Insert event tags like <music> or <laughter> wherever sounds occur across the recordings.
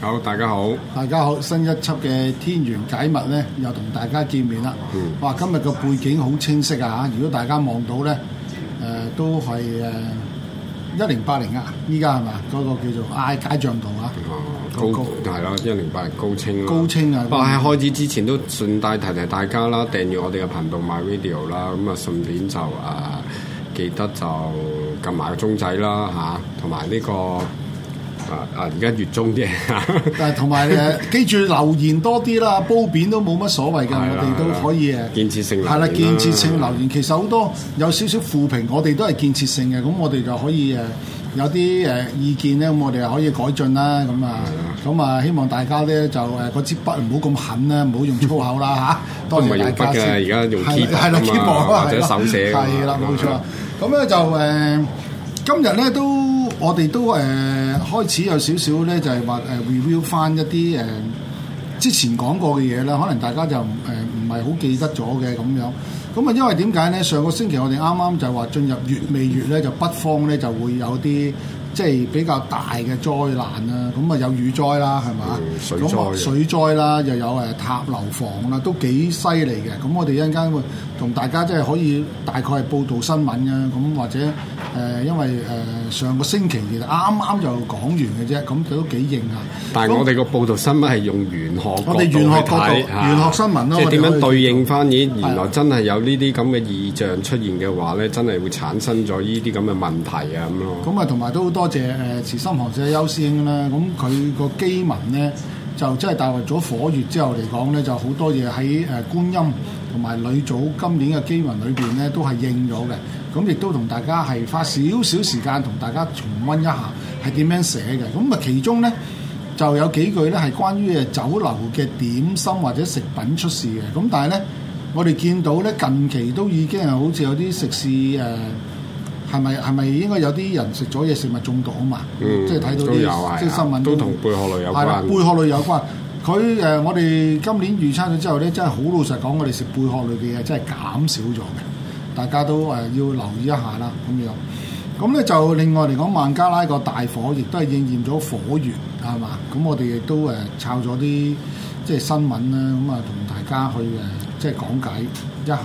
好，大家好，大家好，新一輯嘅天元解密咧，又同大家見面啦。嗯、哇，今日個背景好清晰啊！吓，如果大家望到咧，誒、呃，都係誒一零八零啊，依家係咪嗰個叫做 I、啊、解象度啊。哦高，高係高咯，一零八零高清高。高，高清啊！但係喺開始之前都順帶提提大家啦，訂閱我哋嘅頻道買 video 啦，咁、嗯、啊，順便就誒、呃、記得就撳埋個鐘仔啦，吓、啊，同埋呢個。啊而家月中啫，但係同埋誒記住留言多啲啦，褒貶都冇乜所謂嘅，我哋都可以誒建設性留言啦。係啦，建設性留言其實好多有少少負評，我哋都係建設性嘅，咁我哋就可以誒有啲誒意見咧，咁我哋可以改進啦，咁啊，咁啊，希望大家咧就誒嗰支筆唔好咁狠啦，唔好用粗口啦嚇。唔係用筆嘅，而家用貼係啦，希望。或者手寫係啦，冇錯。咁咧就誒今日咧都我哋都誒。開始有少少咧，就係話誒 review 翻一啲誒之前講過嘅嘢啦，可能大家就誒唔係好記得咗嘅咁樣。咁啊，因為點解咧？上個星期我哋啱啱就話進入乙未月咧，就北方咧就會有啲。即係比較大嘅災難啊！咁啊有雨災啦，係嘛、哦？水災啦，又有誒塌樓房啦，都幾犀利嘅。咁我哋一陣間會同大家即係可以大概報道新聞啊。咁或者誒、呃，因為誒、呃、上個星期其實啱啱就講完嘅啫，咁佢都幾應啊。但係我哋個報道新聞係用玄學講，玄學新聞咯。即係點樣對應翻？咦，原來真係有呢啲咁嘅異象出現嘅話咧，的真係會產生咗呢啲咁嘅問題啊咁咯。咁啊，同埋都好多。謝誒慈心和尚優師兄啦，咁佢個乩文咧就真係帶嚟咗火熱之後嚟講咧，就好多嘢喺誒觀音同埋呂祖今年嘅乩文裏邊咧都係應咗嘅。咁亦都同大家係花少少時間同大家重温一下係點樣寫嘅。咁啊，其中咧就有幾句咧係關於誒酒樓嘅點心或者食品出事嘅。咁但係咧，我哋見到咧近期都已經係好似有啲食肆誒。呃係咪，係咪應該有啲人食咗嘢食物中毒啊嘛？嗯、即係睇到啲即係新聞都同貝殼類有關。係啦，貝殼類有關，佢誒、呃、我哋今年預測咗之後咧，真係好老實講，我哋食貝殼類嘅嘢真係減少咗嘅。大家都誒、呃、要留意一下啦，咁樣。咁咧就另外嚟講，孟加拉個大火亦都係應驗咗火源係嘛？咁我哋亦都誒抄咗啲即係新聞啦，咁啊同大家去誒即係講解一下。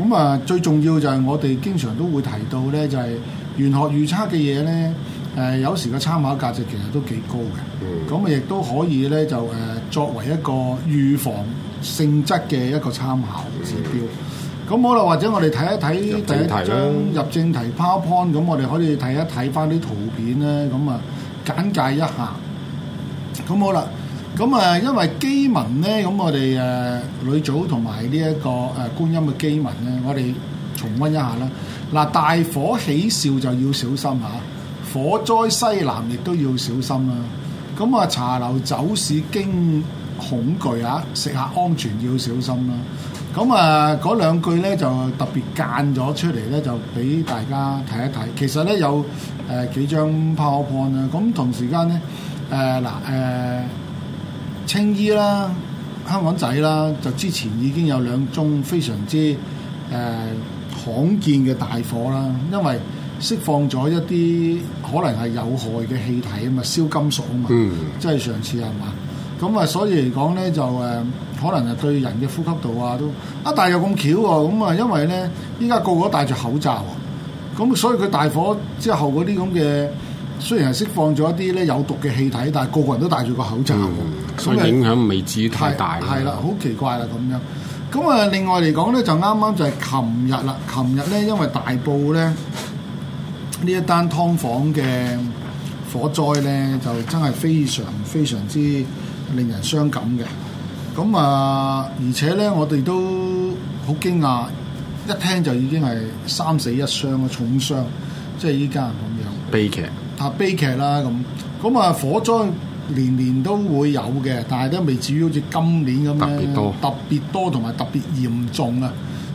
咁啊，最重要就係我哋經常都會提到咧，就係、是、玄學預測嘅嘢咧，誒、呃、有時個參考價值其實都幾高嘅。咁啊、嗯，亦都可以咧就誒、呃、作為一個預防性質嘅一個參考指標，咁、嗯、好啦，或者我哋睇一睇第一張入正題 PowerPoint，咁我哋可以睇一睇翻啲圖片咧，咁啊簡介一下。咁好啦。咁啊，因為乩文咧，咁我哋誒呂祖同埋呢一個誒觀音嘅乩文咧，我哋重溫一下啦。嗱，大火起燒就要小心吓，火災西南亦都要小心啦。咁啊，茶樓走市驚恐懼啊，食客安全要小心啦。咁啊，嗰兩句咧就特別間咗出嚟咧，就俾大家睇一睇。其實咧有誒幾張 PowerPoint 啊，咁同時間咧誒嗱誒。青衣啦，香港仔啦，就之前已經有兩宗非常之誒、呃、罕見嘅大火啦，因為釋放咗一啲可能係有害嘅氣體啊嘛，燒金屬啊嘛，嗯、即係上次係嘛？咁啊，所以嚟講咧就誒、呃，可能係對人嘅呼吸道啊都啊，但又咁巧喎，咁啊，因為咧依家個個戴住口罩喎、啊，咁所以佢大火之後嗰啲咁嘅雖然係釋放咗一啲咧有毒嘅氣體，但係個個人都戴住個口罩、嗯。所以、嗯、影響未至於太大。係啦，好奇怪啦咁樣。咁啊，另外嚟講咧，就啱啱就係琴日啦。琴日咧，因為大埔咧呢一單劏房嘅火災咧，就真係非常非常之令人傷感嘅。咁啊，而且咧，我哋都好驚訝，一聽就已經係三死一傷嘅重傷，即係依家咁樣。悲劇。啊，悲劇啦咁。咁啊，火災。年年都會有嘅，但係都未至於好似今年咁樣特別多，特別多同埋特別嚴重啊！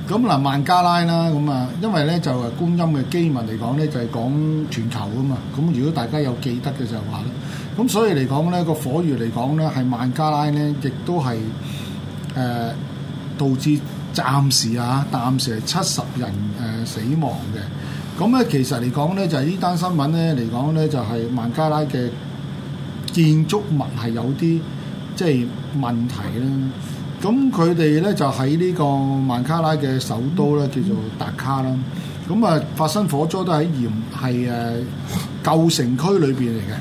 咁嗱，孟加拉啦，咁啊，因為咧就誒，觀音嘅基民嚟講咧，就係講全球啊嘛。咁如果大家有記得嘅就話啦，咁所以嚟講咧，個火越嚟講咧，係孟加拉咧，亦都係誒導致暫時啊，暫時係七十人誒死亡嘅。咁咧，其實嚟講咧，就係呢單新聞咧嚟講咧，就係孟加拉嘅。建築物係有啲即係問題啦，咁佢哋咧就喺呢個孟加拉嘅首都咧、嗯、叫做達卡啦，咁啊、嗯、發生火災都喺嚴係誒舊城區裏邊嚟嘅，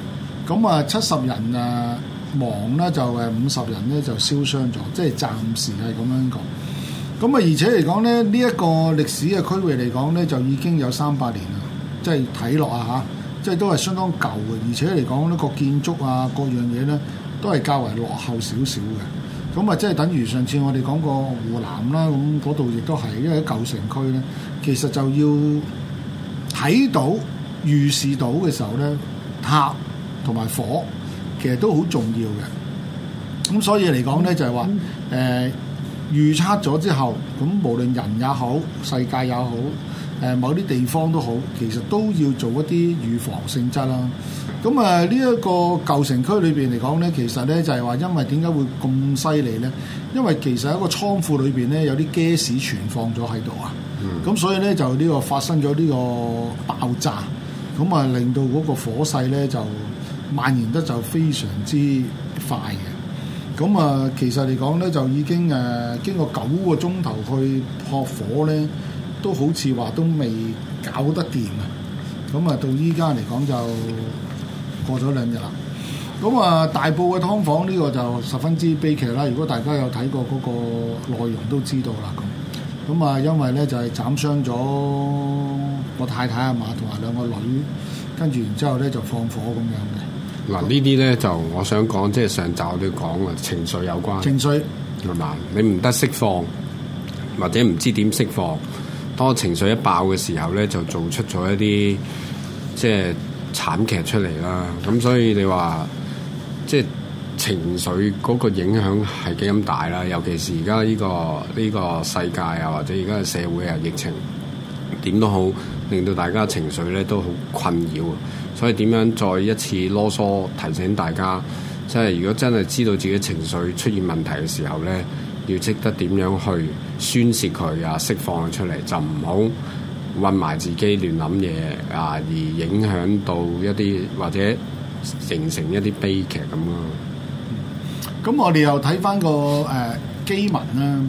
咁、嗯、啊七十人啊亡啦就誒五十人咧就燒傷咗，即係暫時係咁樣講，咁啊而且嚟講咧呢一、這個歷史嘅區域嚟講咧就已經有三百年啦，即係睇落啊嚇。即係都係相當舊嘅，而且嚟講呢個建築啊，各樣嘢咧都係較為落後少少嘅。咁啊，即係等於上次我哋講過湖南啦，咁嗰度亦都係因為喺舊城區咧，其實就要睇到預示到嘅時候咧，塔同埋火其實都好重要嘅。咁所以嚟講咧，就係話誒預測咗之後，咁無論人也好，世界也好。誒某啲地方都好，其實都要做一啲預防性質啦。咁啊，呢、這、一個舊城區裏邊嚟講呢，其實呢就係話，因為點解會咁犀利呢？因為其實一個倉庫裏邊呢，有啲 gas 存放咗喺度啊。咁、嗯、所以呢，就呢個發生咗呢個爆炸，咁啊令到嗰個火勢呢就蔓延得就非常之快嘅。咁啊，其實嚟講呢，就已經誒經過九個鐘頭去撲火呢。都好似話都未搞得掂啊！咁啊，到依家嚟講就過咗兩日啦。咁啊，大埔嘅劏房呢個就十分之悲劇啦。如果大家有睇過嗰個內容都知道啦。咁咁啊，因為咧就係斬傷咗個太太啊、馬同埋兩個女，跟住然之後咧就放火咁樣嘅嗱。呢啲咧就我想講，即係上集我哋講啊，情緒有關情緒係嘛？你唔得釋放，或者唔知點釋放。當情緒一爆嘅時候呢，就做出咗一啲即係慘劇出嚟啦。咁所以你話即係情緒嗰個影響係幾咁大啦？尤其是而家呢個呢個世界啊，或者而家嘅社會啊，疫情點都好，令到大家情緒呢都好困擾。所以點樣再一次囉嗦提醒大家，即係如果真係知道自己情緒出現問題嘅時候呢。要識得點樣去宣洩佢啊，釋放出嚟就唔好鬱埋自己亂諗嘢啊，而影響到一啲或者形成一啲悲劇咁咯。咁、嗯、我哋又睇翻個誒《機、呃、文》啦。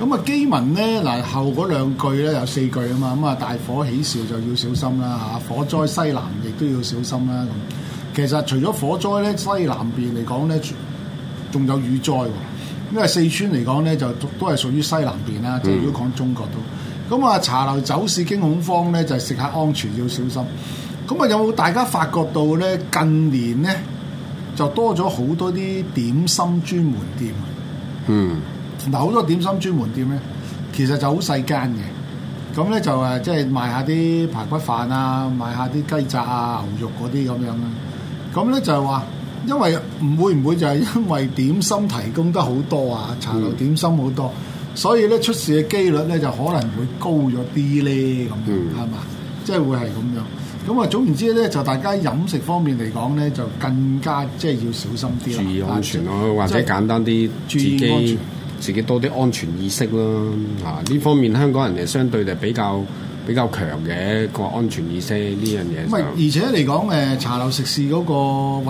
咁啊《機文》咧嗱後嗰兩句咧有四句啊嘛。咁啊大火起事就要小心啦嚇、啊，火災西南亦都要小心啦咁、啊。其實除咗火災咧，西南邊嚟講咧仲有雨災喎。因為四川嚟講咧，就都係屬於西南邊啦。就如果講中國都，咁啊、嗯、茶樓走市驚恐慌咧，就是、食客安全要小心。咁啊有冇大家發覺到咧？近年咧就多咗好多啲點心專門店。嗯，嗱好多點心專門店咧，其實就好細間嘅。咁咧就誒，即、就、係、是、賣下啲排骨飯啊，賣下啲雞雜啊、牛肉嗰啲咁樣啦。咁咧就係話。因為唔會唔會就係因為點心提供得好多啊，茶樓點心好多，嗯、所以咧出事嘅機率咧就可能會高咗啲咧，咁樣係嘛，即係、就是、會係咁樣。咁啊總言之咧，就大家飲食方面嚟講咧，就更加即係要小心啲，注意安全咯，啊、或者簡單啲，就是、注意自己，自己多啲安全意識咯。啊，呢方面香港人誒相對就比較。比較強嘅個安全意識呢樣嘢，咁啊，而且嚟講誒茶樓食肆嗰個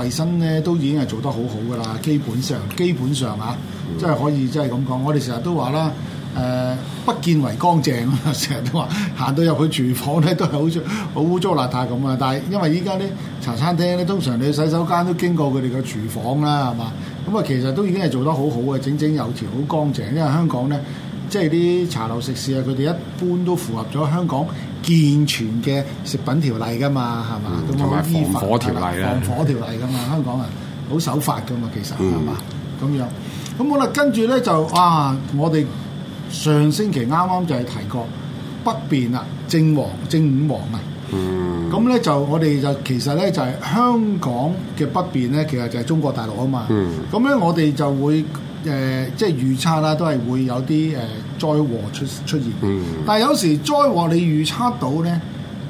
衞生咧，都已經係做得好好㗎喇，基本上基本上啊，嗯、即係可以即係咁講。我哋成日都話啦，誒、呃、不見為乾淨啊，成日都話行到入去廚房咧都係好似好污糟邋遢咁啊。但係因為依家咧茶餐廳咧，通常你洗手間都經過佢哋嘅廚房啦，係嘛？咁啊，其實都已經係做得好好嘅，整，整整有條好乾淨。因為香港咧。即係啲茶樓食肆啊，佢哋一般都符合咗香港健全嘅食品條例噶嘛，係嘛、嗯？同埋吧、嗯、防火條例啦，法防火條例噶嘛，嗯、香港啊，好守法噶嘛，其實係嘛？咁、嗯、樣咁好啦，跟住咧就啊，我哋上星期啱啱就係提過北邊啊，正黃，正五黃啊，嗯，咁咧就我哋就其實咧就係、是、香港嘅北邊咧，其實就係中國大陸啊嘛，嗯，咁咧我哋就會。誒、呃，即係預測啦，都係會有啲誒、呃、災禍出出現。嗯，但係有時災禍你預測到咧，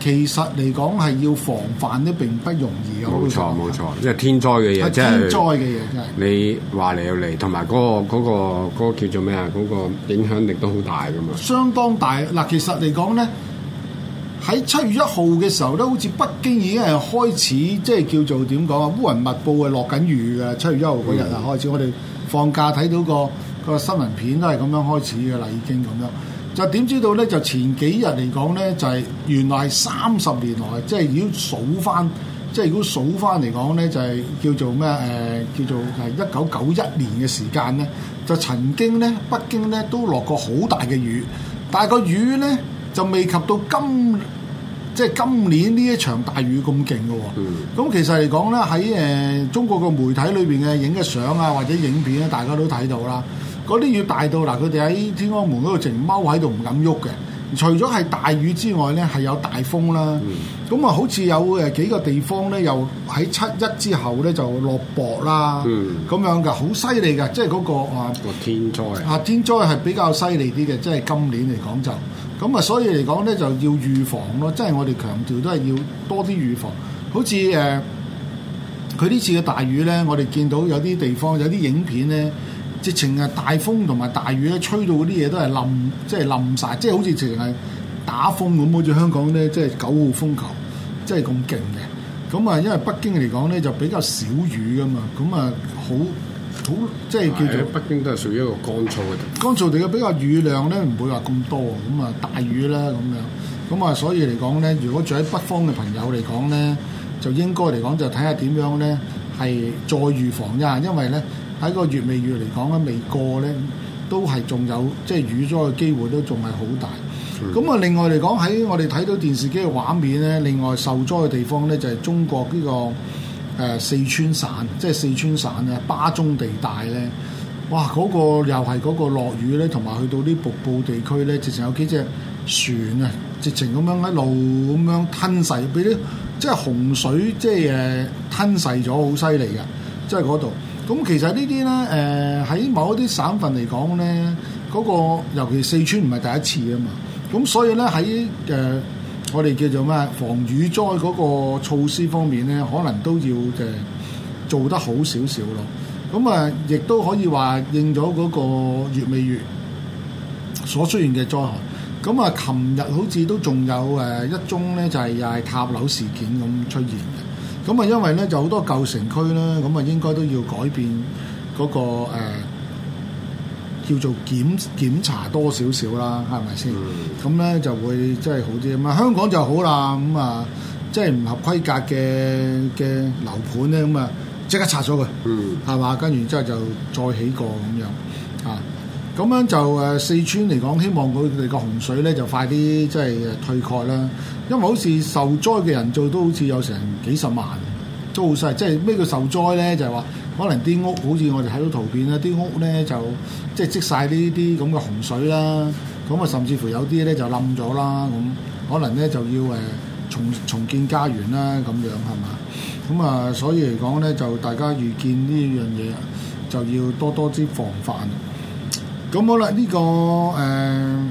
其實嚟講係要防範咧，並不容易嘅。冇錯冇錯，即係天災嘅嘢真係天災嘅嘢。你話你又嚟，同埋嗰個嗰、嗰個嗰個、叫做咩啊？嗰、嗰個影響力都好大㗎嘛。相當大嗱，其實嚟講咧，喺七月一號嘅時候咧，好似北京已經係開始即係叫做點講啊？烏雲密布啊，落緊雨嘅七月一號嗰日啊，開始我哋。嗯放假睇到個個新聞片都係咁樣開始嘅啦，已經咁樣。就點知道呢？就前幾日嚟講呢，就係、是、原來三十年來，即係已經數翻，即係如果數翻嚟講呢，就係、是、叫做咩？誒、呃、叫做係一九九一年嘅時間呢，就曾經呢，北京呢都落過好大嘅雨，但係個雨呢，就未及到今。即係今年呢一場大雨咁勁嘅喎，咁、嗯、其實嚟講咧，喺誒、呃、中國嘅媒體裏邊嘅影嘅相啊，或者影片咧、啊，大家都睇到啦。嗰啲雨大到嗱，佢哋喺天安門嗰度淨踎喺度唔敢喐嘅。除咗係大雨之外咧，係有大風啦。咁啊，嗯、好似有誒幾個地方咧，又喺七一之後咧就落雹啦、啊，咁、嗯、樣嘅好犀利嘅，即係嗰、那個、哦、天啊天災啊天災係比較犀利啲嘅，即係今年嚟講就。咁啊，所以嚟講咧，就要預防咯。即係我哋強調都係要多啲預防。好似誒，佢、呃、呢次嘅大雨咧，我哋見到有啲地方有啲影片咧，直情係大風同埋大雨咧，吹到嗰啲嘢都係冧，即係冧晒，即係好似直情係打風咁。好似香港咧，即係九號風球，即係咁勁嘅。咁啊，因為北京嚟講咧，就比較少雨噶嘛，咁啊好。好，即係叫做對北京都係屬於一個乾燥嘅地方，乾燥地嘅比較雨量咧，唔會話咁多咁啊，大雨啦咁樣，咁啊，所以嚟講咧，如果住喺北方嘅朋友嚟講咧，就應該嚟講就睇下點樣咧，係再預防一下，因為咧喺個月尾月嚟講咧，未過咧都係仲有即係、就是、雨災嘅機會都仲係好大。咁啊的，另外嚟講喺我哋睇到電視機嘅畫面咧，另外受災嘅地方咧就係、是、中國呢、這個。誒四川省，即係四川省咧，巴中地帶咧，哇！嗰、嗰個又係嗰個落雨咧，同埋去到啲瀑布地區咧，直情有幾隻船啊，直情咁樣一路咁樣吞噬，俾啲即係洪水即係誒吞噬咗，好犀利嘅，即係嗰度。咁其實呢啲咧，誒、呃、喺某一啲省份嚟講咧，嗰、嗰個尤其四川唔係第一次啊嘛。咁所以咧喺誒。我哋叫做咩？防雨災嗰個措施方面咧，可能都要誒做得好少少咯。咁啊，亦都可以話應咗嗰個乙未月所出現嘅災害。咁啊，琴日好似都仲有誒一宗咧，就係、又係、有塔樓事件咁出現嘅。咁啊，因為咧就好多舊城區咧，咁啊應該都要改變嗰、那個、呃叫做檢檢查多少少啦，係咪先？咁咧、mm hmm. 就會即係好啲咁啊。香港就好啦，咁啊即係唔合規格嘅嘅樓盤咧，咁啊即刻拆咗佢，係嘛、mm？跟住之後就再起過咁樣啊。咁樣就誒四川嚟講，希望佢哋個洪水咧就快啲即係退卻啦。因為好似受災嘅人數都好似有成幾十萬，都好細。即係咩叫受災咧？就係、是、話。可能啲屋好似我哋睇到圖片啦，啲屋咧就即係積晒呢啲咁嘅洪水啦，咁啊甚至乎有啲咧就冧咗啦，咁可能咧就要誒、呃、重重建家園啦，咁樣係嘛？咁啊、呃，所以嚟講咧，就大家遇見呢樣嘢就要多多啲防範。咁好啦，呢、這個誒、呃、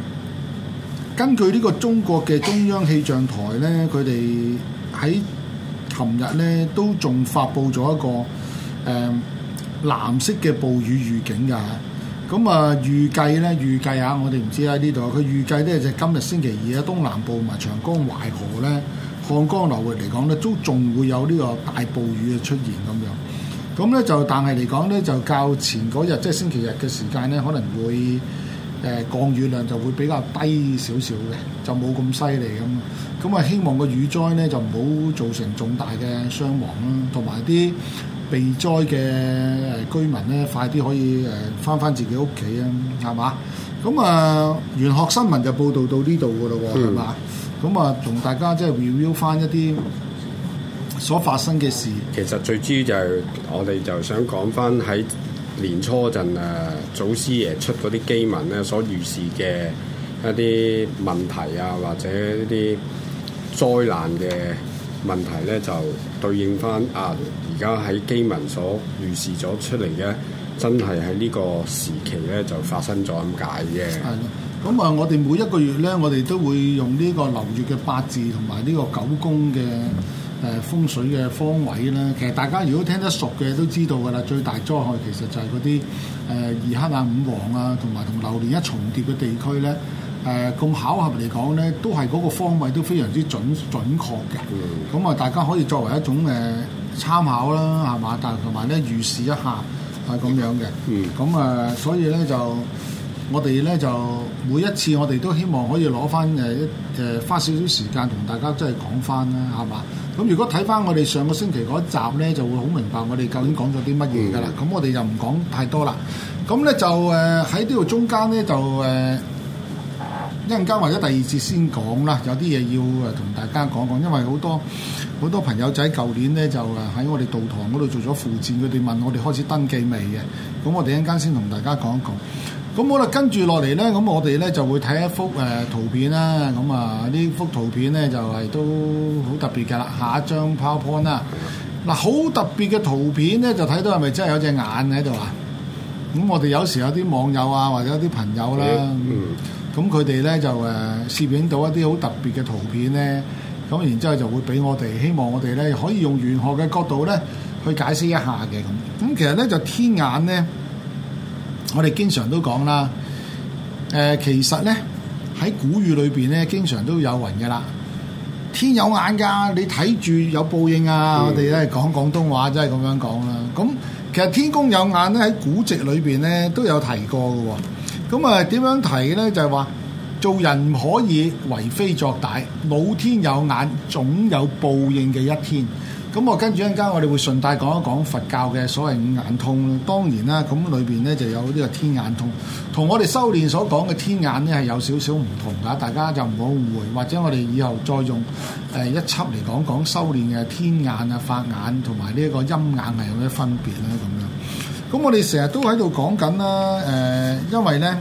根據呢個中國嘅中央氣象台咧，佢哋喺琴日咧都仲發布咗一個。誒、呃、藍色嘅暴雨預警㗎，咁啊，預計咧預計啊，我哋唔知喺呢度，佢預計咧就係、今日星期二啊，東南部同埋長江淮河咧，漢江流域嚟講咧，都仲會有呢個大暴雨嘅出現咁樣。咁咧就但係嚟講咧，就較前嗰日即係星期日嘅時間咧，可能會誒、呃、降雨量就會比較低少少嘅，就冇咁犀利咁。咁啊，希望個雨災咧就唔好造成重大嘅傷亡啦，同埋啲。被災嘅居民咧，快啲可以誒翻翻自己屋企啊，係嘛？咁啊，玄學新聞就報道到呢度嘅咯喎，係嘛？咁啊、嗯，同大家即係 review 翻一啲所發生嘅事。其實最主要就係我哋就想講翻喺年初陣啊，祖師爺出嗰啲機文咧，所預示嘅一啲問題啊，或者一啲災難嘅問題咧，就對應翻啊。而家喺基民所預示咗出嚟嘅，真係喺呢個時期咧就發生咗咁解嘅。係咯，咁啊，我哋每一個月咧，我哋都會用呢個流月嘅八字同埋呢個九宮嘅誒風水嘅方位咧。其實大家如果聽得熟嘅都知道㗎啦，最大災害其實就係嗰啲誒二黑啊、五黃啊，同埋同流年一重疊嘅地區咧。誒咁、呃、巧合嚟講咧，都係嗰個方位都非常之準準確嘅。咁啊、嗯，大家可以作為一種誒、呃、參考啦，係嘛？但同埋咧預示一下係咁樣嘅。咁啊、嗯呃，所以咧就我哋咧就每一次我哋都希望可以攞翻誒誒花少少時間同大家即係講翻啦，係嘛？咁如果睇翻我哋上個星期嗰集咧，就會好明白我哋究竟講咗啲乜嘢㗎啦。咁、嗯嗯、我哋就唔講太多啦。咁咧就誒喺呢度中間咧就誒。呃呃呃呃一陣間或者第二節先講啦，有啲嘢要誒同大家講講，因為好多好多朋友仔舊年咧就誒喺我哋道堂嗰度做咗附薦，佢哋問我哋開始登記未嘅，咁我哋一陣間先同大家講一講。咁好啦，跟住落嚟咧，咁我哋咧就會睇一幅誒、呃、圖片啦。咁啊，呢幅圖片咧就係、是、都好特別㗎啦。下一張 PowerPoint 啦，嗱，好特別嘅圖片咧就睇到係咪真係有隻眼喺度啊？咁我哋有時有啲網友啊，或者有啲朋友啦、啊。嗯。咁佢哋咧就誒攝影到一啲好特別嘅圖片咧，咁然之後就會俾我哋希望我哋咧可以用玄學嘅角度咧去解釋一下嘅咁。咁其實咧就天眼咧，我哋經常都講啦。誒，其實咧喺古語裏邊咧，經常都有雲嘅啦。天有眼㗎，你睇住有報應啊！嗯、我哋咧講廣東話，真係咁樣講啦。咁其實天公有眼咧，喺古籍裏邊咧都有提過嘅喎。咁啊，點樣提呢？就係、是、話，做人唔可以為非作歹，老天有眼，總有報應嘅一天。咁我跟住一陣間，我哋會順帶講一講佛教嘅所謂五眼通。當然啦，咁裏邊呢就有呢個天眼通，同我哋修煉所講嘅天眼呢，係有少少唔同㗎。大家就唔好誤會，或者我哋以後再用誒一輯嚟，講講修煉嘅天眼啊、法眼同埋呢個陰眼係有咩分別呢？咁樣。咁我哋成日都喺度講緊啦，誒、呃，因為咧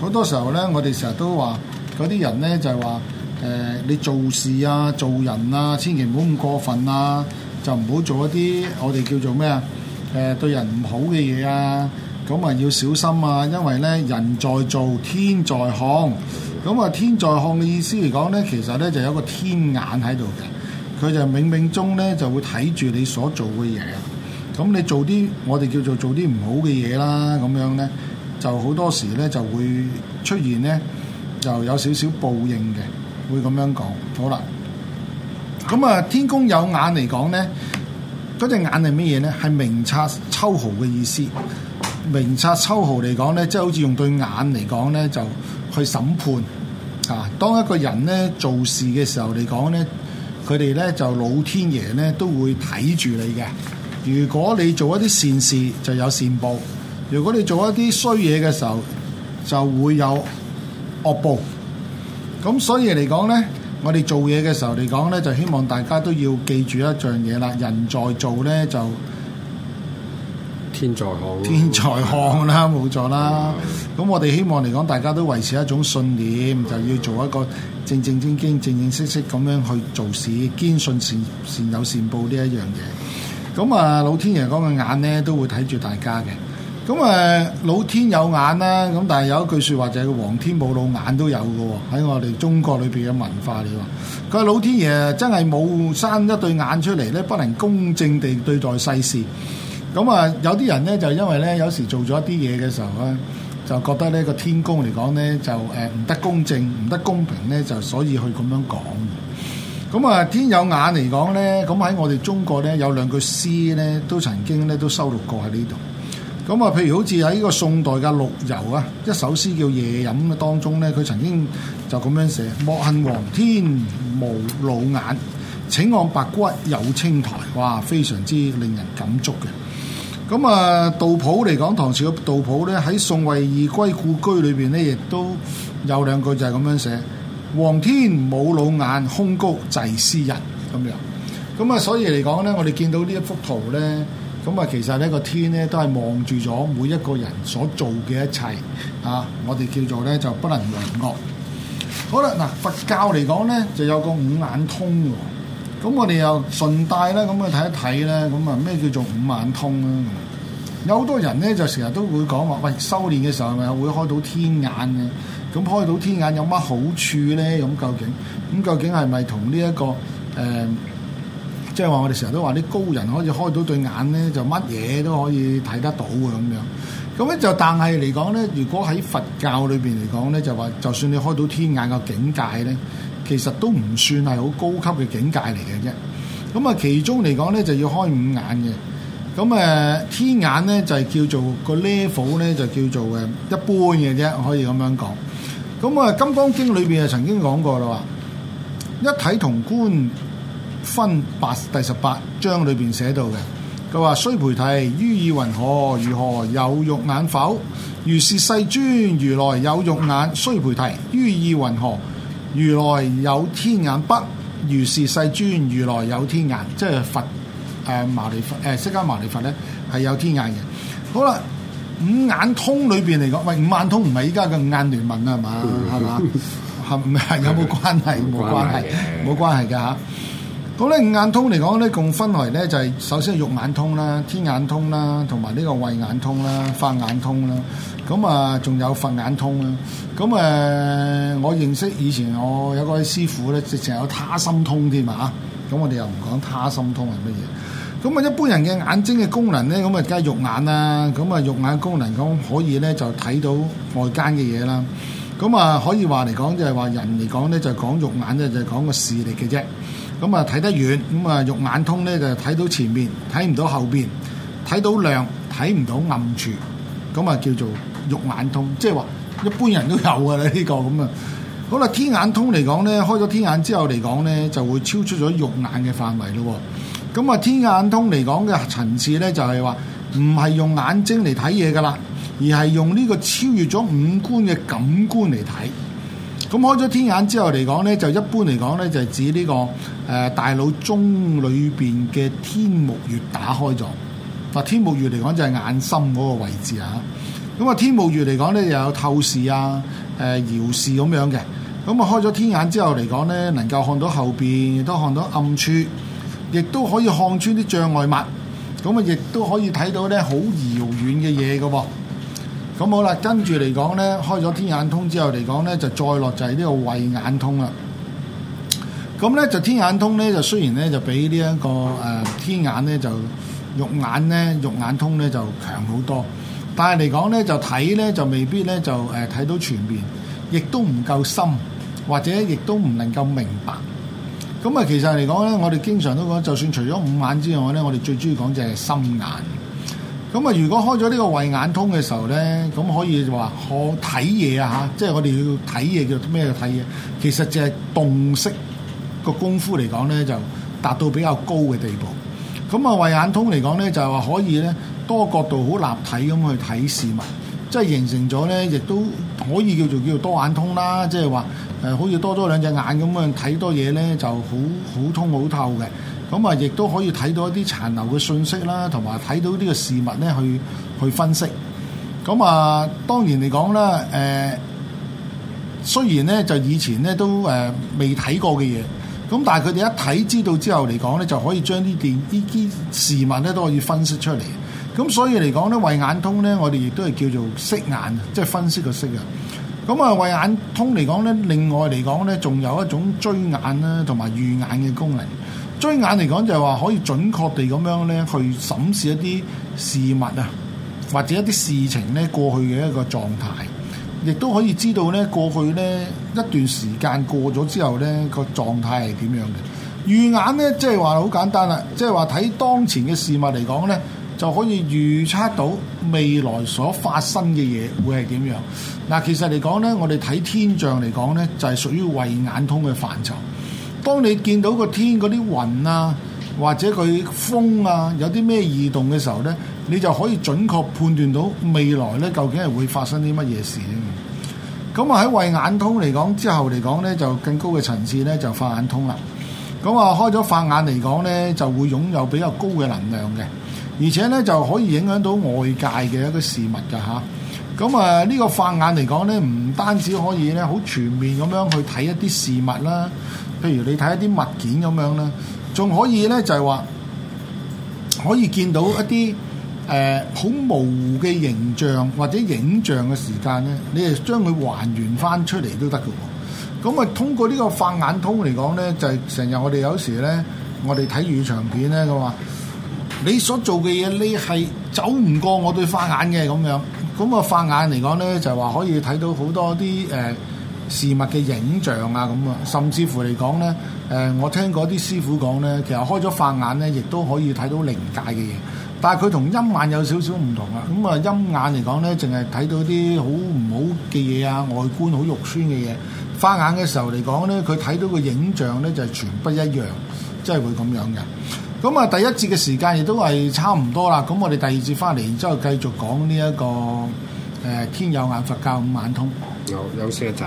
好多時候咧，我哋成日都話嗰啲人咧就係、是、話，誒、呃，你做事啊、做人啊，千祈唔好咁過分啊，就唔好做一啲我哋叫做咩啊，誒、呃，對人唔好嘅嘢啊，咁、嗯、啊要小心啊，因為咧人在做，天在看，咁、嗯、啊天在看嘅意思嚟講咧，其實咧就有個天眼喺度嘅，佢就冥冥中咧就會睇住你所做嘅嘢。咁你做啲我哋叫做做啲唔好嘅嘢啦，咁樣咧就好多時咧就會出現咧就有少少報應嘅，會咁樣講，好啦。咁啊，天公有眼嚟講咧，嗰隻眼係咩嘢咧？係明察秋毫嘅意思。明察秋毫嚟講咧，即係好似用對眼嚟講咧，就去審判啊。當一個人咧做事嘅時候嚟講咧，佢哋咧就老天爺咧都會睇住你嘅。如果你做一啲善事，就有善報；如果你做一啲衰嘢嘅時候，就會有惡報。咁所以嚟講呢，我哋做嘢嘅時候嚟講呢，就希望大家都要記住一樣嘢啦。人在做呢，就天在看，天在看啦，冇錯啦。咁、嗯、我哋希望嚟講，大家都維持一種信念，嗯、就要做一個正正經經、正正式式咁樣去做事，堅信善善有善報呢一樣嘢。咁啊，老天爺講嘅眼咧，都會睇住大家嘅。咁啊，老天有眼啦。咁但係有一句説話就係個黃天冇老眼都有嘅喎。喺我哋中國裏邊嘅文化嚟話，佢老天爺真係冇生一對眼出嚟咧，不能公正地對待世事。咁啊，有啲人咧就因為咧有時做咗一啲嘢嘅時候咧，就覺得咧個天公嚟講咧就誒唔得公正、唔得公平咧，就所以去咁樣講。咁啊，天有眼嚟講咧，咁喺我哋中國咧，有兩句詩咧，都曾經咧都收錄過喺呢度。咁啊，譬如好似喺呢個宋代嘅陸游啊，一首詩叫《夜飲》嘅當中咧，佢曾經就咁樣寫：嗯、莫恨皇天無老眼，請看白骨有青苔。哇，非常之令人感觸嘅。咁啊，杜甫嚟講，唐朝嘅杜甫咧，喺《送魏二歸故居》裏邊咧，亦都有兩句就係咁樣寫。皇天冇老眼，空谷祭斯人，咁樣。咁啊，所以嚟講咧，我哋見到呢一幅圖咧，咁啊，其實呢個天咧都係望住咗每一個人所做嘅一切啊，我哋叫做咧就不能為惡。好啦，嗱，佛教嚟講咧就有個五眼通嘅，咁我哋又順帶咧咁啊睇一睇咧，咁啊咩叫做五眼通啊？有好多人咧，就成日都會講話，喂，修練嘅時候係咪會開到天眼嘅？咁開到天眼有乜好處咧？咁究竟，咁究竟係咪同呢一個誒，即係話我哋成日都話啲高人可以開到對眼咧，就乜嘢都可以睇得到嘅咁樣。咁咧就但係嚟講咧，如果喺佛教裏邊嚟講咧，就話就算你開到天眼嘅境界咧，其實都唔算係好高級嘅境界嚟嘅啫。咁啊，其中嚟講咧就要開五眼嘅。咁誒天眼咧就係叫做個 level 咧就叫做誒一般嘅啫，我可以咁樣講。咁啊《金剛經》裏邊啊曾經講過啦話，一體同觀分八第十八章裏邊寫到嘅，佢話須菩提，於意雲何？如何有肉眼否？如是世尊，如來有肉眼。須菩提，於意雲何？如來有天眼不？如是世尊，如來有天眼。天眼即係佛。誒麻、啊、利佛誒釋迦麻利佛咧係有天眼嘅，好啦，五眼通裏邊嚟講，喂五眼通唔係依家嘅五眼聯盟啊嘛，係嘛係唔係有冇關係？冇 <laughs> 關係冇 <laughs> 關係嘅嚇。咁咧五眼通嚟講咧，共分為咧就係、是、首先係肉眼通啦、天眼通啦、同埋呢個慧眼通啦、法眼通啦，咁啊仲有佛眼通啦。咁誒我認識以前我有個師傅咧，直情有他心通添啊！咁我哋又唔講他心通係乜嘢？咁啊，一般人嘅眼睛嘅功能咧，咁啊，梗係肉眼啦。咁啊，肉眼功能咁可以咧，就睇到外間嘅嘢啦。咁啊，可以話嚟講，就係話人嚟講咧，就講肉眼咧，就講個視力嘅啫。咁啊，睇得遠，咁啊，肉眼通咧就睇到前面，睇唔到後邊，睇到亮，睇唔到暗處。咁啊，叫做肉眼通，即係話一般人都有㗎喇。你、這、呢個咁啊，好啦，天眼通嚟講咧，開咗天眼之後嚟講咧，就會超出咗肉眼嘅範圍咯。咁啊，天眼通嚟講嘅層次咧，就係話唔係用眼睛嚟睇嘢噶啦，而係用呢個超越咗五官嘅感官嚟睇。咁開咗天眼之後嚟講咧，就一般嚟講咧、這個，就係指呢個誒大腦中裏邊嘅天目穴打開咗。嗱，天目穴嚟講就係眼心嗰個位置啊。咁啊，天目穴嚟講咧又有透視啊、誒、呃、遙視咁樣嘅。咁啊，開咗天眼之後嚟講咧，能夠看到後邊，亦都看到暗處。亦都可以看穿啲障礙物，咁啊，亦都可以睇到咧、哦嗯、好遙遠嘅嘢嘅喎。咁好啦，跟住嚟講咧，開咗天眼通之後嚟講咧，再就再落就係呢個慧眼通啦。咁咧就天眼通咧就雖然咧就比呢、這、一個誒、呃、天眼咧就肉眼咧肉眼通咧就強好多，但係嚟講咧就睇咧就未必咧就誒睇、呃、到全面，亦都唔夠深，或者亦都唔能夠明白。咁啊，其實嚟講咧，我哋經常都講，就算除咗五眼之外咧，我哋最中意講就係心眼。咁啊，如果開咗呢個慧眼通嘅時候咧，咁可以就話可睇嘢啊嚇，即係我哋要睇嘢叫咩睇嘢？其實就係洞悉個功夫嚟講咧，就達到比較高嘅地步。咁啊，慧眼通嚟講咧，就係話可以咧多角度好立體咁去睇事物，即係形成咗咧，亦都可以叫做叫多眼通啦，即係話。誒、呃、好似多咗兩隻眼咁樣睇多嘢咧，就好好通好透嘅。咁、呃、啊，亦都可以睇到一啲殘留嘅信息啦，同埋睇到呢個事物咧，去去分析。咁、呃、啊，當然嚟講咧，誒、呃、雖然咧就以前咧都誒未睇過嘅嘢，咁但係佢哋一睇知道之後嚟講咧，就可以將呢件呢啲事物咧都可以分析出嚟。咁、呃、所以嚟講咧，慧眼通咧，我哋亦都係叫做識眼即係、就是、分析個識啊。咁啊，慧眼通嚟講咧，另外嚟講咧，仲有一種追眼啦、啊，同埋預眼嘅功能。追眼嚟講就係話可以準確地咁樣咧去審視一啲事物啊，或者一啲事情咧過去嘅一個狀態，亦都可以知道咧過去咧一段時間過咗之後咧個狀態係點樣嘅。預眼咧即係話好簡單啦，即係話睇當前嘅事物嚟講咧。就可以預測到未來所發生嘅嘢會係點樣？嗱，其實嚟講呢，我哋睇天象嚟講呢，就係屬於慧眼通嘅範疇。當你見到個天嗰啲雲啊，或者佢風啊，有啲咩異動嘅時候呢，你就可以準確判斷到未來呢，究竟係會發生啲乜嘢事。咁啊，喺慧眼通嚟講之後嚟講呢，就更高嘅層次呢，就發眼通啦。咁啊，開咗發眼嚟講呢，就會擁有比較高嘅能量嘅。而且咧就可以影響到外界嘅一個事物㗎吓，咁啊呢個發眼嚟講咧，唔單止可以咧好全面咁樣去睇一啲事物啦，譬如你睇一啲物件咁樣啦，仲可以咧就係話可以見到一啲誒好模糊嘅形象或者影像嘅時間咧，你就將佢還原翻出嚟都得㗎喎。咁啊通過呢個發眼通嚟講咧，就係成日我哋有時咧，我哋睇預場片咧，佢話。你所做嘅嘢，你係走唔過我對法眼嘅咁樣。咁啊，法眼嚟講呢，就話、是、可以睇到好多啲誒、呃、事物嘅影像啊咁啊。甚至乎嚟講呢，誒、呃、我聽過啲師傅講呢，其實開咗法眼呢，亦都可以睇到靈界嘅嘢。但係佢同陰眼有少少唔同啊。咁啊，陰眼嚟講呢，淨係睇到啲好唔好嘅嘢啊、外觀好肉酸嘅嘢。法眼嘅時候嚟講呢，佢睇到個影像呢，就係、是、全不一樣，真係會咁樣嘅。咁啊，第一節嘅時間亦都係差唔多啦。咁我哋第二節翻嚟，然之後繼續講呢、這、一個誒、呃、天有眼，佛教五眼通，有有些賺。